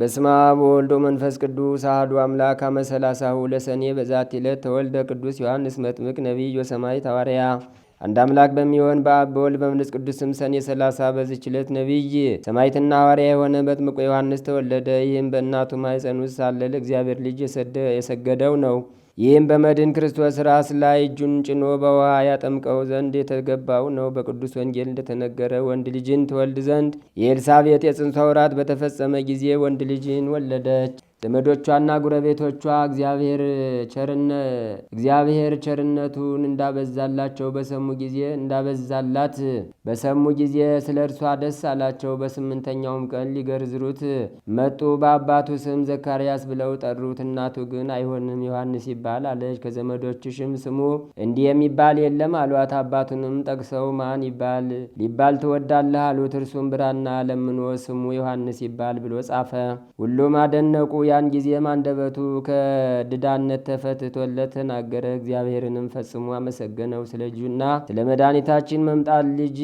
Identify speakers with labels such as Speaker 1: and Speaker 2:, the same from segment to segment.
Speaker 1: በስማ በወልዶ መንፈስ ቅዱስ አህዱ አምላክ አመ ሰላሳሁ ለሰኔ በዛት ዕለት ተወልደ ቅዱስ ዮሐንስ መጥምቅ ነቢይ ወሰማዕት ሐዋርያ። አንድ አምላክ በሚሆን በአብ በወልድ በመንፈስ ቅዱስ ስም ሰኔ ሰላሳ በዚች ዕለት ነቢይ ሰማዕትና ሐዋርያ የሆነ መጥምቁ ዮሐንስ ተወለደ። ይህም በእናቱ ማኅፀን ውስጥ ሳለ ለእግዚአብሔር ልጅ የሰገደው ነው። ይህም በመድን ክርስቶስ ራስ ላይ እጁን ጭኖ በውሃ ያጠምቀው ዘንድ የተገባው ነው። በቅዱስ ወንጌል እንደተነገረ ወንድ ልጅን ትወልድ ዘንድ የኤልሳቤጥ የጽንሷ ወራት በተፈጸመ ጊዜ ወንድ ልጅን ወለደች። ዘመዶቿና ጉረቤቶቿ እግዚአብሔር ቸርነቱን እንዳበዛላቸው በሰሙ ጊዜ እንዳበዛላት በሰሙ ጊዜ ስለ እርሷ ደስ አላቸው። በስምንተኛውም ቀን ሊገርዝሩት መጡ። በአባቱ ስም ዘካርያስ ብለው ጠሩት። እናቱ ግን አይሆንም፣ ዮሐንስ ይባል አለች። ከዘመዶችሽም ስሙ እንዲህ የሚባል የለም አሏት። አባቱንም ጠቅሰው ማን ይባል ሊባል ትወዳለህ አሉት። እርሱም ብራና ለምኖ ስሙ ዮሐንስ ይባል ብሎ ጻፈ። ሁሉም አደነቁ። ያን ጊዜም አንደበቱ ከድዳነት ተፈትቶለት ተናገረ። እግዚአብሔርንም ፈጽሞ አመሰገነው። ስለ ልጁና ስለ መድኃኒታችን መምጣት ልጅ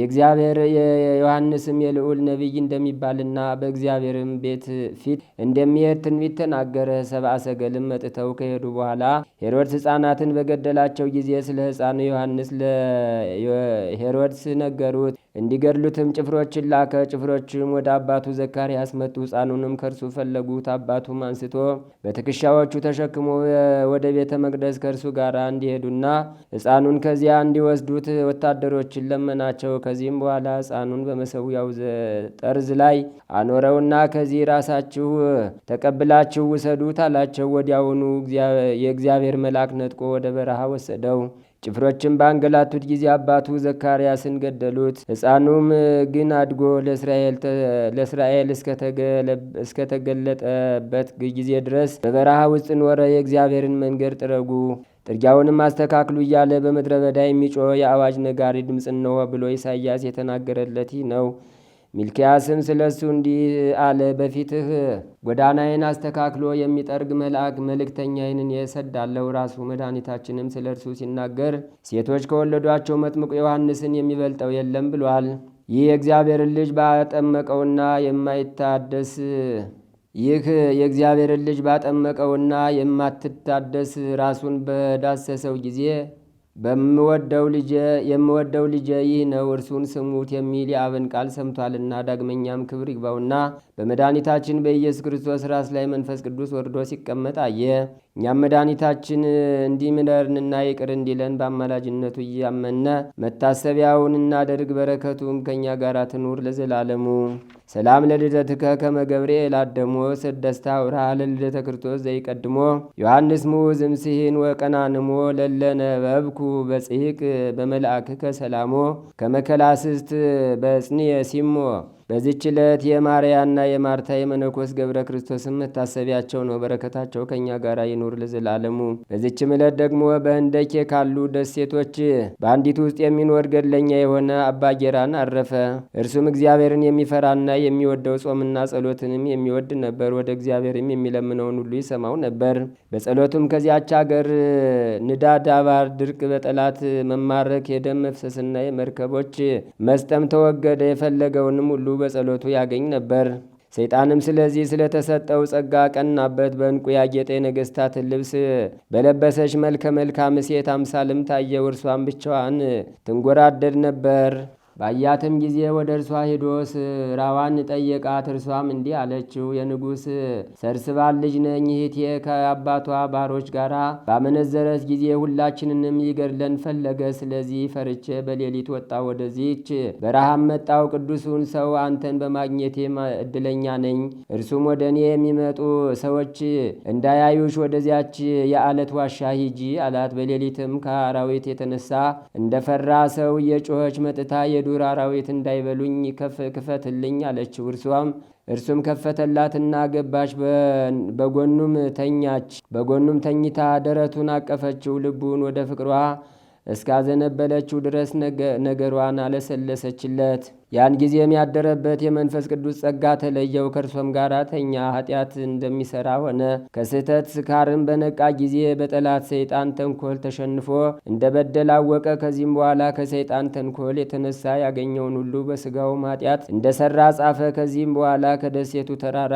Speaker 1: የእግዚአብሔር የዮሐንስም የልዑል ነቢይ እንደሚባልና በእግዚአብሔርም ቤት ፊት እንደሚሄድ ትንቢት ተናገረ። ሰብአ ሰገልም መጥተው ከሄዱ በኋላ ሄሮድስ ሕፃናትን በገደላቸው ጊዜ ስለ ሕፃኑ ዮሐንስ ለሄሮድስ ነገሩት። እንዲገድሉትም ጭፍሮችን ላከ። ጭፍሮችም ወደ አባቱ ዘካርያስ መጡ። ሕፃኑንም ከእርሱ ፈለጉት። አባቱም አንስቶ በትከሻዎቹ ተሸክሞ ወደ ቤተ መቅደስ ከእርሱ ጋር እንዲሄዱና ሕፃኑን ከዚያ እንዲወስዱት ወታደሮችን ለመናቸው። ከዚህም በኋላ ሕፃኑን በመሰዊያው ጠርዝ ላይ አኖረውና ከዚህ ራሳችሁ ተቀብላችሁ ውሰዱት አላቸው። ወዲያውኑ የእግዚአብሔር መልአክ ነጥቆ ወደ በረሃ ወሰደው። ጭፍሮችም ባንገላቱት ጊዜ አባቱ ዘካርያስን ገደሉት። ሕፃኑም ግን አድጎ ለእስራኤል እስከተገለጠበት ጊዜ ድረስ በበረሃ ውስጥ ኖረ። የእግዚአብሔርን መንገድ ጥረጉ ጥርጊያውንም አስተካክሉ እያለ በምድረ በዳ የሚጮ የአዋጅ ነጋሪ ድምፅ ነው ብሎ ኢሳይያስ የተናገረለት ነው። ሚልኪያስም ስለ እሱ እንዲህ አለ። በፊትህ ጎዳናዬን አስተካክሎ የሚጠርግ መልአክ መልእክተኛዬንን የሰዳለው ራሱ መድኃኒታችንም ስለ እርሱ ሲናገር ሴቶች ከወለዷቸው መጥምቁ ዮሐንስን የሚበልጠው የለም ብሏል። ይህ የእግዚአብሔርን ልጅ ባጠመቀውና የማይታደስ ይህ የእግዚአብሔርን ልጅ ባጠመቀውና የማትታደስ ራሱን በዳሰሰው ጊዜ በምወደው ልጄ የምወደው ልጄ ይህ ነው እርሱን ስሙት የሚል የአብን ቃል ሰምቷልና። ዳግመኛም ክብር ይግባውና በመድኃኒታችን በኢየሱስ ክርስቶስ ራስ ላይ መንፈስ ቅዱስ ወርዶ ሲቀመጥ አየ። እኛም መድኃኒታችን እንዲምረንና ይቅር እንዲለን በአማላጅነቱ እያመነ መታሰቢያውን እናደርግ። በረከቱን ከእኛ ጋር ትኑር ለዘላለሙ። ሰላም ለልደትከ ከመ ገብርኤል አደሞ ስደስታ ውርሃ ለልደተ ክርስቶስ ዘይቀድሞ ዮሐንስ ሙ ዝምስሂን ወቀናንሞ በብኩ በጽሂቅ በመላእክከ ሰላሞ ከመከላስስት በጽንየ ሲሞ በዚች ዕለት የማርያና የማርታ የመነኮስ ገብረ ክርስቶስም መታሰቢያቸው ነው። በረከታቸው ከእኛ ጋር ይኑር ለዘላለሙ። በዚችም ዕለት ደግሞ በህንደኬ ካሉ ደሴቶች በአንዲት ውስጥ የሚኖር ገድለኛ የሆነ አባ ጌራን አረፈ። እርሱም እግዚአብሔርን የሚፈራና የሚወደው ጾምና ጸሎትንም የሚወድ ነበር። ወደ እግዚአብሔርም የሚለምነውን ሁሉ ይሰማው ነበር። በጸሎቱም ከዚያች አገር ንዳ፣ ዳባር፣ ድርቅ፣ በጠላት መማረክ፣ የደም መፍሰስና የመርከቦች መስጠም ተወገደ። የፈለገውንም ሁሉ በጸሎቱ ያገኝ ነበር። ሰይጣንም ስለዚህ ስለተሰጠው ጸጋ ቀናበት። በእንቁ ያጌጠ የነገሥታትን ልብስ በለበሰች መልከ መልካም ሴት አምሳልም ታየው። እርሷን ብቻዋን ትንጎራደድ ነበር። ባያትም ጊዜ ወደ እርሷ ሄዶ ስራዋን ጠየቃት። እርሷም እንዲህ አለችው፣ የንጉሥ ሰርስባ ልጅ ነኝ። እህቴ ከአባቷ ባሮች ጋር ባመነዘረት ጊዜ ሁላችንንም ይገድለን ፈለገ። ስለዚህ ፈርቼ በሌሊት ወጣ ወደዚች በረሃም መጣው። ቅዱሱን ሰው አንተን በማግኘቴ እድለኛ ነኝ። እርሱም ወደ እኔ የሚመጡ ሰዎች እንዳያዩሽ ወደዚያች የአለት ዋሻ ሂጂ አላት። በሌሊትም ከአራዊት የተነሳ እንደፈራ ሰው የጮኸች መጥታ የዱር አራዊት እንዳይበሉኝ ክፈትልኝ አለችው። እርሷም እርሱም ከፈተላትና ገባች። በጎኑም ተኛች። በጎኑም ተኝታ ደረቱን አቀፈችው። ልቡን ወደ ፍቅሯ እስካዘነበለችው ድረስ ነገሯን አለሰለሰችለት። ያን ጊዜም ያደረበት የመንፈስ ቅዱስ ጸጋ ተለየው፣ ከእርሶም ጋር ተኛ። ኃጢአት እንደሚሰራ ሆነ። ከስህተት ስካርም በነቃ ጊዜ በጠላት ሰይጣን ተንኮል ተሸንፎ እንደ በደል አወቀ። ከዚህም በኋላ ከሰይጣን ተንኮል የተነሳ ያገኘውን ሁሉ በስጋውም ኃጢአት እንደሰራ ጻፈ። ከዚህም በኋላ ከደሴቱ ተራራ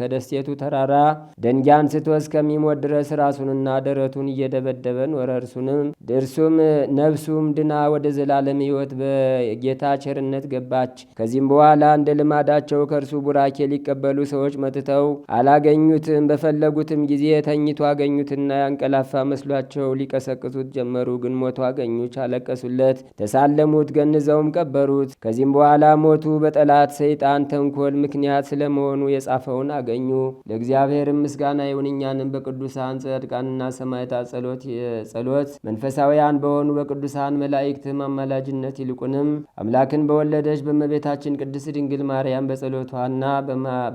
Speaker 1: ከደሴቱ ተራራ ደንጊያ አንስቶ እስከሚሞት ድረስ ራሱንና ደረቱን እየደበደበ ኖረ። እርሱንም እርሱም ነፍሱም ድና ወደ ዘላለም ሕይወት በጌታ ቸርነት ገባ። ገባች። ከዚህም በኋላ እንደ ልማዳቸው ከእርሱ ቡራኬ ሊቀበሉ ሰዎች መጥተው አላገኙትም። በፈለጉትም ጊዜ ተኝቶ አገኙትና ያንቀላፋ መስሏቸው ሊቀሰቅሱት ጀመሩ። ግን ሞቶ አገኙች። አለቀሱለት፣ ተሳለሙት፣ ገንዘውም ቀበሩት። ከዚህም በኋላ ሞቱ። በጠላት ሰይጣን ተንኮል ምክንያት ስለመሆኑ የጻፈውን አገኙ። ለእግዚአብሔርም ምስጋና ይሁን እኛንም በቅዱሳን ጻድቃንና ሰማዕታት ጸሎት ጸሎት መንፈሳዊያን በሆኑ በቅዱሳን መላእክትም አማላጅነት ይልቁንም አምላክን በወለደ በሆነች በእመቤታችን ቅድስት ድንግል ማርያም በጸሎቷና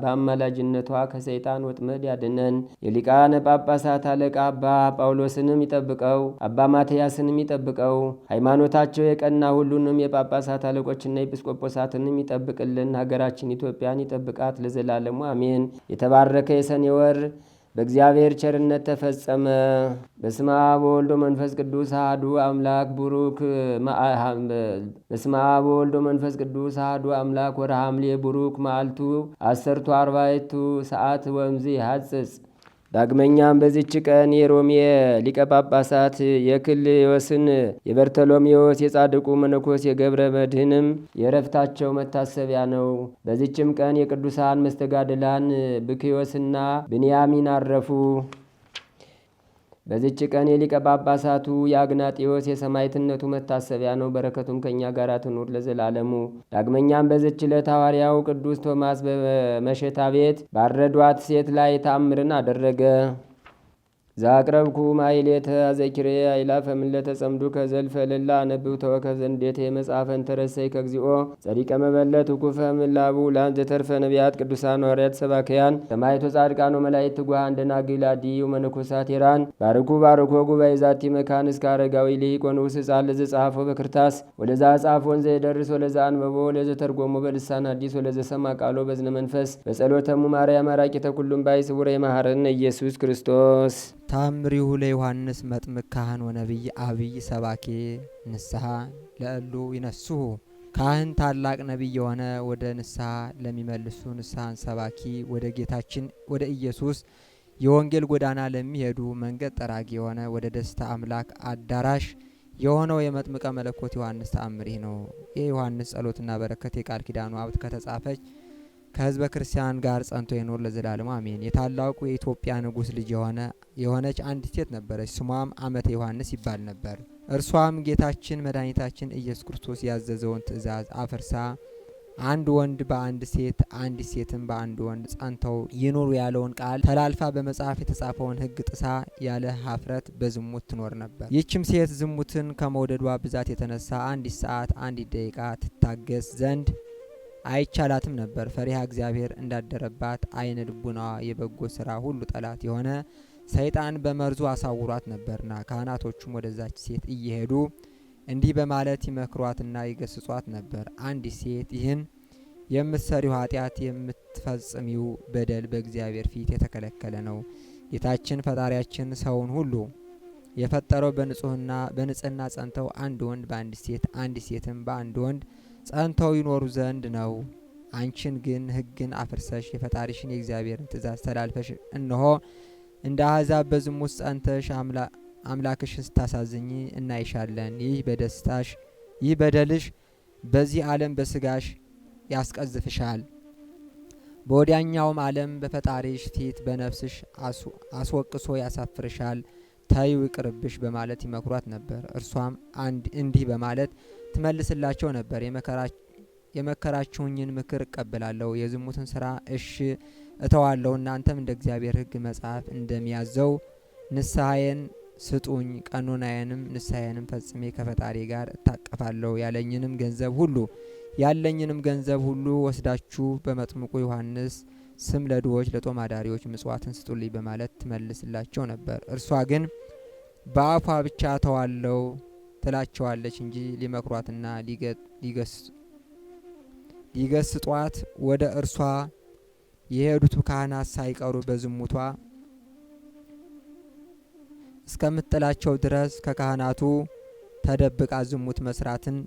Speaker 1: በአማላጅነቷ ከሰይጣን ወጥመድ ያድነን። የሊቃነ ጳጳሳት አለቃ አባ ጳውሎስንም ይጠብቀው፣ አባ ማትያስንም ይጠብቀው። ሃይማኖታቸው የቀና ሁሉንም የጳጳሳት አለቆችና ኤጲስቆጶሳትንም ይጠብቅልን። ሀገራችን ኢትዮጵያን ይጠብቃት ለዘላለሙ አሜን። የተባረከ የሰኔ ወር በእግዚአብሔር ቸርነት ተፈጸመ። በስመ አብ ወልዶ መንፈስ ቅዱስ አሐዱ አምላክ ቡሩክ በስመ አብ ወልዶ መንፈስ ቅዱስ አሐዱ አምላክ ወረሐምሌ ቡሩክ መዓልቱ አሰርቱ አርባይቱ ሰዓት ወምዚ ሀጽጽ ዳግመኛም በዚች ቀን የሮሜ ሊቀ ጳጳሳት የክልዮስን፣ የበርተሎሜዎስ፣ የጻድቁ መነኮስ የገብረ መድህንም የረፍታቸው መታሰቢያ ነው። በዚችም ቀን የቅዱሳን መስተጋድላን ብክዮስና ብንያሚን አረፉ። በዚች ቀን የሊቀ ጳጳሳቱ የአግናጢዎስ የሰማይትነቱ መታሰቢያ ነው። በረከቱም ከእኛ ጋር ትኑር ለዘላለሙ። ዳግመኛም በዚች ዕለት ሐዋርያው ቅዱስ ቶማስ በመሸታ ቤት ባረዷት ሴት ላይ ታምርን አደረገ። ዛቅረብኩ ማይሌተ አዘኪሬ አይላፈ ምለተ ጸምዱ ከዘልፈ ልላ አነብብ ተወከ ዘንዴቴ መጽሐፈን ተረሰይ ከግዚኦ ጸሪቀ መበለት ኩፈ ምላቡ ላን ዘተርፈ ነቢያት ቅዱሳን ሐዋርያት ሰባክያን ሰማይቶ ጻድቃኖ መላይት ትጓሃ እንደናግላ ዲዩ መነኮሳት ሄራን ባርኩ ባርኮ ጉባኤ ዛቲ መካን እስከ አረጋዊ ልሂቅ ወንዑስ ሕፃን ለዘ ጻፎ በክርታስ ወለዛ ጻፎ ወንዘ የደርስ ወለዛ አንበቦ ወለዘ ተርጎሞ በልሳን አዲስ ወለዘ ሰማ ቃሎ በዝነ መንፈስ በጸሎተሙ ማርያም አራቂተ ኩሉም ባይ ስውረ የመሐረነ ኢየሱስ ክርስቶስ ታምሪሁ ለዮሐንስ መጥምቅ ካህን ወነቢይ አብይ ሰባኬ ንስሐ ለእሉ ይነስሁ ካህን ታላቅ ነቢይ የሆነ ወደ ንስሐ ለሚመልሱ ንስሐን ሰባኪ ወደ ጌታችን ወደ ኢየሱስ የወንጌል ጎዳና ለሚሄዱ መንገድ ጠራጊ የሆነ ወደ ደስታ አምላክ አዳራሽ የሆነው የመጥምቀ መለኮት ዮሐንስ ተአምር ይህ ነው። የዮሐንስ ጸሎትና በረከት የቃል ኪዳኑ ሀብት ከተጻፈች ከህዝበ ክርስቲያን ጋር ጸንቶ ይኖር ለዘላለሙ አሜን። የታላቁ የኢትዮጵያ ንጉሥ ልጅ የሆነ የሆነች አንዲት ሴት ነበረች። ስሟም አመተ ዮሐንስ ይባል ነበር። እርሷም ጌታችን መድኃኒታችን ኢየሱስ ክርስቶስ ያዘዘውን ትእዛዝ አፍርሳ አንድ ወንድ በአንድ ሴት አንዲት ሴትም በአንድ ወንድ ጸንተው ይኑሩ ያለውን ቃል ተላልፋ በመጽሐፍ የተጻፈውን ሕግ ጥሳ ያለ ሀፍረት በዝሙት ትኖር ነበር። ይህችም ሴት ዝሙትን ከመውደዷ ብዛት የተነሳ አንዲት ሰዓት አንዲት ደቂቃ ትታገስ ዘንድ አይቻላትም ነበር። ፈሪሃ እግዚአብሔር እንዳደረባት አይነ ልቡናዋ የበጎ ስራ ሁሉ ጠላት የሆነ ሰይጣን በመርዙ አሳውሯት ነበርና ካህናቶቹም ወደዛች ሴት እየሄዱ እንዲህ በማለት ይመክሯትና ይገስጿት ነበር። አንዲት ሴት ይህን የምትሰሪው ኃጢአት፣ የምትፈጽሚው በደል በእግዚአብሔር ፊት የተከለከለ ነው። ጌታችን ፈጣሪያችን ሰውን ሁሉ የፈጠረው በንጹህና በንጽህና ጸንተው አንድ ወንድ በአንድ ሴት አንዲት ሴትም በአንድ ወንድ ጸንተው ይኖሩ ዘንድ ነው። አንቺን ግን ሕግን አፍርሰሽ የፈጣሪሽን የእግዚአብሔርን ትእዛዝ ተላልፈሽ እነሆ እንደ አሕዛብ በዝሙት ጸንተሽ አምላክሽን ስታሳዝኝ እናይሻለን። ይህ በደስታሽ ይህ በደልሽ በዚህ ዓለም በስጋሽ ያስቀዝፍሻል። በወዲያኛውም ዓለም በፈጣሪሽ ፊት በነፍስሽ አስወቅሶ ያሳፍርሻል። ተይው ይቅርብሽ በማለት ይመክሯት ነበር። እርሷም እንዲህ በማለት ትመልስላቸው ነበር። የመከራችሁኝን ምክር እቀበላለሁ፣ የዝሙትን ስራ እሺ እተዋለሁ። እናንተም እንደ እግዚአብሔር ሕግ መጽሐፍ እንደሚያዘው ንስሐዬን ስጡኝ፣ ቀኖናዬንም ንስሐዬንም ፈጽሜ ከፈጣሪ ጋር እታቀፋለሁ። ያለኝንም ገንዘብ ሁሉ ያለኝንም ገንዘብ ሁሉ ወስዳችሁ በመጥምቁ ዮሐንስ ስም ለድሆች ለጦም አዳሪዎች ምጽዋትን ስጡልኝ በማለት ትመልስላቸው ነበር። እርሷ ግን በአፏ ብቻ ተዋለው ትላቸዋለች እንጂ ሊመክሯትና ሊገስጧት ወደ እርሷ የሄዱት ካህናት ሳይቀሩ በዝሙቷ እስከምትጥላቸው ድረስ ከካህናቱ ተደብቃ ዝሙት መስራትን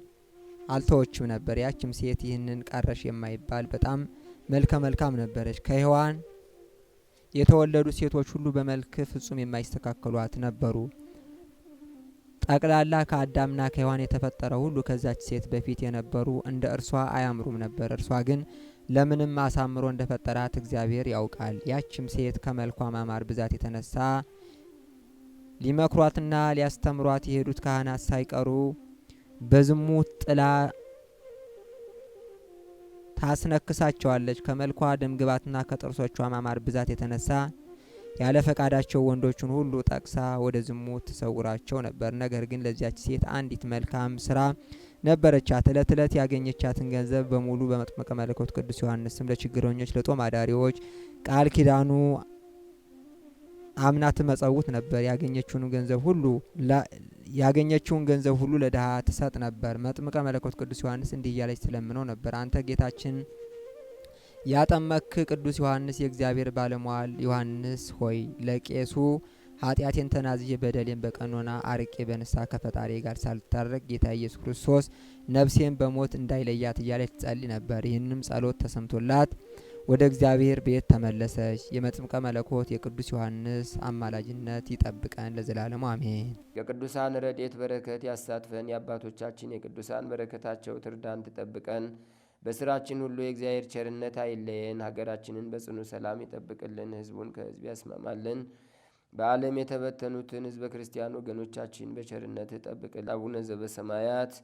Speaker 1: አልተወችም ነበር። ያችም ሴት ይህንን ቀረሽ የማይባል በጣም መልከ መልካም ነበረች። ከሔዋን የተወለዱ ሴቶች ሁሉ በመልክ ፍጹም የማይስተካከሏት ነበሩ። ጠቅላላ ከአዳምና ከሔዋን የተፈጠረው ሁሉ ከዛች ሴት በፊት የነበሩ እንደ እርሷ አያምሩም ነበር። እርሷ ግን ለምንም አሳምሮ እንደ ፈጠራት እግዚአብሔር ያውቃል። ያችም ሴት ከመልኳ ማማር ብዛት የተነሳ ሊመክሯትና ሊያስተምሯት የሄዱት ካህናት ሳይቀሩ በዝሙት ጥላ ታስነክሳቸዋለች። ከመልኳ ደምግባትና ከጥርሶቿ ማማር ብዛት የተነሳ ያለ ፈቃዳቸው ወንዶቹን ሁሉ ጠቅሳ ወደ ዝሙት ትሰውራቸው ነበር። ነገር ግን ለዚያች ሴት አንዲት መልካም ስራ ነበረቻት። እለት እለት ያገኘቻትን ገንዘብ በሙሉ በመጥመቀ መለኮት ቅዱስ ዮሐንስም ለችግረኞች፣ ለጦም አዳሪዎች ቃል ኪዳኑ አምና ትመጸውት ነበር። ያገኘችውን ገንዘብ ሁሉ ያገኘችውን ገንዘብ ሁሉ ለድሃ ትሰጥ ነበር። መጥምቀ መለኮት ቅዱስ ዮሐንስ እንዲህ እያለች ትለምነው ነበር አንተ ጌታችን ያጠመክ ቅዱስ ዮሐንስ የእግዚአብሔር ባለሟል ዮሐንስ ሆይ ለቄሱ ኃጢአቴን ተናዝዤ በደሌን በቀኖና አርቄ በንሳ ከፈጣሪ ጋር ሳልታረቅ ጌታ ኢየሱስ ክርስቶስ ነፍሴን በሞት እንዳይለያት እያለች ትጸልይ ነበር። ይህንም ጸሎት ተሰምቶላት ወደ እግዚአብሔር ቤት ተመለሰች። የመጥምቀ መለኮት የቅዱስ ዮሐንስ አማላጅነት ይጠብቀን ለዘላለሙ አሜን። የቅዱሳን ረድኤት በረከት ያሳትፈን። የአባቶቻችን የቅዱሳን በረከታቸው ትርዳን፣ ትጠብቀን በስራችን ሁሉ የእግዚአብሔር ቸርነት አይለየን። ሀገራችንን በጽኑ ሰላም ይጠብቅልን፣ ህዝቡን ከህዝብ ያስማማልን። በዓለም የተበተኑትን ህዝበ ክርስቲያን ወገኖቻችን በቸርነት ይጠብቅል። አቡነ ዘበሰማያት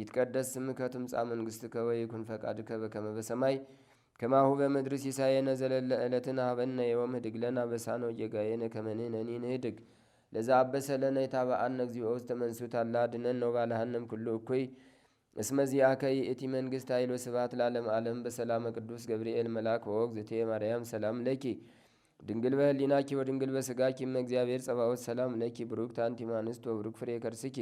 Speaker 1: ይትቀደስ ስምከ ትምጻእ መንግሥትከ ወይኩን ፈቃድከ በከመ በሰማይ ከማሁ በምድር ሲሳየነ ዘለለ ዕለትነ ሀበነ ዮም ህድግ ለነ አበሳነ ወጌጋየነ ከመ ንሕነኒ ንህድግ ለዘ አበሰ ለነ ኢታብአነ እግዚኦ ውስተ መንሱት አላ አድኅነነ ወባልሐነ እምኩሉ እኩይ እስመ ዚአከ ይእቲ መንግስት ኃይሎ ስብሐት ለዓለም ዓለም በሰላመ ቅዱስ ገብርኤል መልአክ ወወግ ማርያም ሰላም ለኪ ድንግል በህሊናኪ ወድንግል በስጋኪ እመ እግዚአብሔር ጸባዖት ሰላም ለኪ ብሩክት አንቲ እምአንስት ወብሩክ ፍሬ ከርስኪ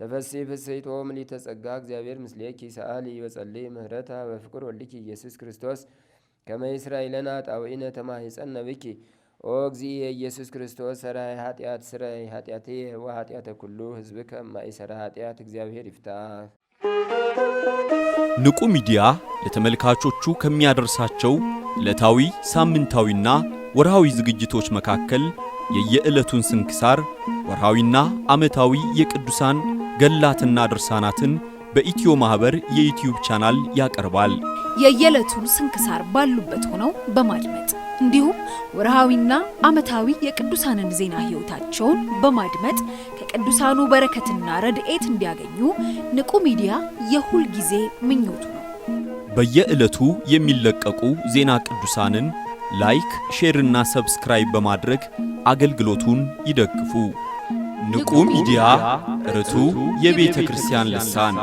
Speaker 1: ተፈሲ ፍስሕት ምልዕተ ጸጋ እግዚአብሔር ምስሌኪ ሰአሊ ወጸልይ ምህረታ በፍቅር ወልኪ ኢየሱስ ክርስቶስ ከመ ይሥረይ ለነ ኃጣውኢነ ተማኅፀነ ኦ እግዚእየ ኢየሱስ ክርስቶስ ሠራይ ኃጢአት ሥራይ ኃጢአትየ ወኃጢአተ ኩሉ ሕዝብከ እማይሠራ ኃጢአት እግዚአብሔር ይፍታ ንቁ ሚዲያ ለተመልካቾቹ ከሚያደርሳቸው ዕለታዊ ሳምንታዊና ወርሃዊ ዝግጅቶች መካከል የየዕለቱን ስንክሳር ወርሃዊና ዓመታዊ የቅዱሳን ገላትና ድርሳናትን በኢትዮ ማህበር የዩትዩብ ቻናል ያቀርባል። የየዕለቱን ስንክሳር ባሉበት ሆነው በማድመጥ እንዲሁም ወርሃዊና ዓመታዊ የቅዱሳንን ዜና ሕይወታቸውን በማድመጥ ከቅዱሳኑ በረከትና ረድኤት እንዲያገኙ ንቁ ሚዲያ የሁል ጊዜ ምኞቱ ነው። በየዕለቱ የሚለቀቁ ዜና ቅዱሳንን ላይክ፣ ሼርና ሰብስክራይብ በማድረግ አገልግሎቱን ይደግፉ። ንቁ ሚዲያ ርቱ የቤተ ክርስቲያን ልሳን